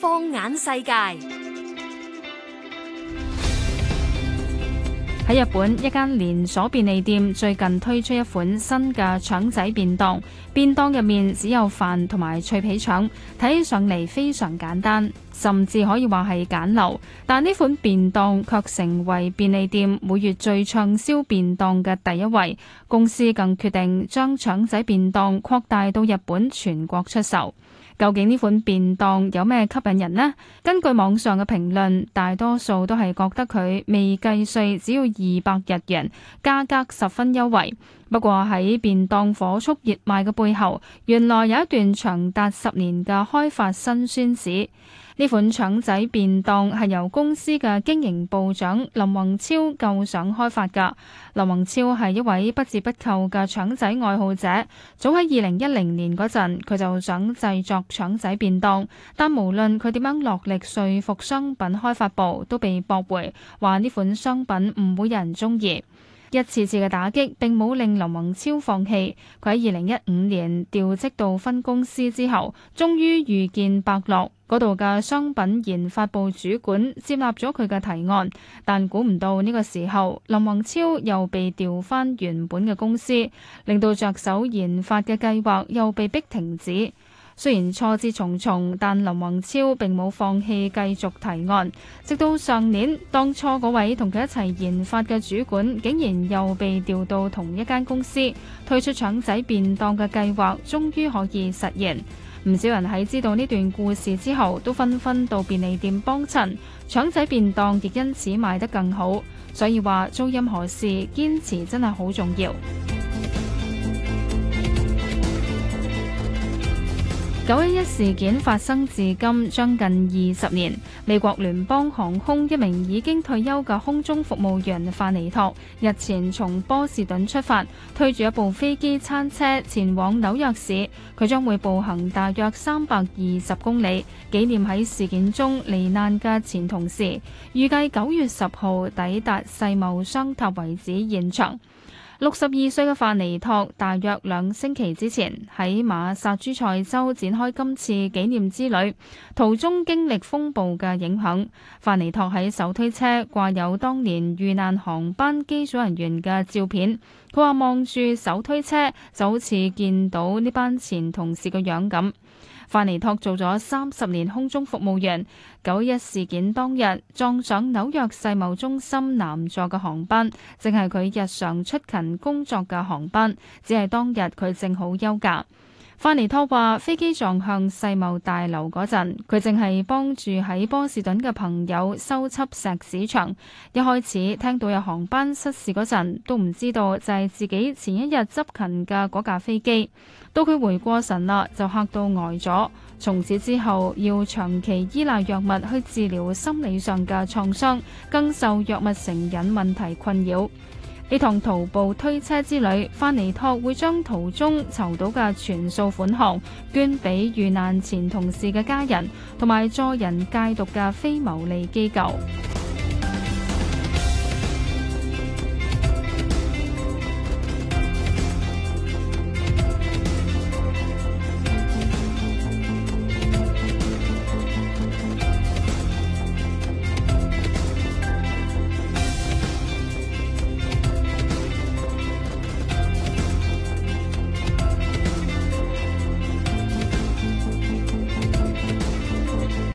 放眼世界，喺日本一間連鎖便利店最近推出一款新嘅腸仔便當，便當入面只有飯同埋脆皮腸，睇起上嚟非常簡單。甚至可以話，係簡陋，但呢款便當卻成為便利店每月最暢銷便當嘅第一位。公司更決定將腸仔便當擴大到日本全國出售。究竟呢款便當有咩吸引人呢？根據網上嘅評論，大多數都係覺得佢未計稅，只要二百日元，價格十分優惠。不過喺便當火速熱賣嘅背後，原來有一段長達十年嘅開發辛酸史。呢款腸仔便當係由公司嘅經營部長林宏超構想開發嘅。林宏超係一位不折不扣嘅腸仔愛好者，早喺二零一零年嗰陣，佢就想製作腸仔便當，但無論佢點樣落力說服商品開發部，都被駁回，話呢款商品唔會有人鍾意。一次次嘅打擊並冇令林宏超放棄。佢喺二零一五年調職到分公司之後，終於遇見伯樂，嗰度嘅商品研發部主管接納咗佢嘅提案。但估唔到呢個時候，林宏超又被調返原本嘅公司，令到着手研發嘅計劃又被逼停止。雖然挫折重重，但林宏超並冇放棄繼續提案，直到上年，當初嗰位同佢一齊研發嘅主管，竟然又被調到同一間公司，推出腸仔便當嘅計劃終於可以實現。唔少人喺知道呢段故事之後，都紛紛到便利店幫襯，腸仔便當亦因此賣得更好。所以話，做任何事堅持真係好重要。九一一事件發生至今將近二十年，美國聯合航空一名已經退休嘅空中服務員范尼托日前從波士頓出發，推住一部飛機餐車前往紐約市，佢將會步行大約三百二十公里，紀念喺事件中罹難嘅前同事，預計九月十號抵達世貿雙塔遺址現場。六十二歲嘅范尼托，大約兩星期之前喺馬薩諸塞州展開今次紀念之旅，途中經歷風暴嘅影響。范尼托喺手推車掛有當年遇難航班機組人員嘅照片，佢話望住手推車就好似見到呢班前同事個樣噉。范尼托做咗三十年空中服務員，九一事件當日撞上紐約世貿中心南座嘅航班，正係佢日常出勤工作嘅航班，只係當日佢正好休假。翻尼托話：飛機撞向世貿大樓嗰陣，佢正係幫住喺波士頓嘅朋友收葺石屎牆。一開始聽到有航班失事嗰陣，都唔知道就係自己前一日執勤嘅嗰架飛機。到佢回過神啦，就嚇到呆咗。從此之後，要長期依賴藥物去治療心理上嘅創傷，更受藥物成癮問題困擾。呢趟徒步推車之旅，範尼托會將途中籌到嘅全數款項捐俾遇難前同事嘅家人，同埋助人戒毒嘅非牟利機構。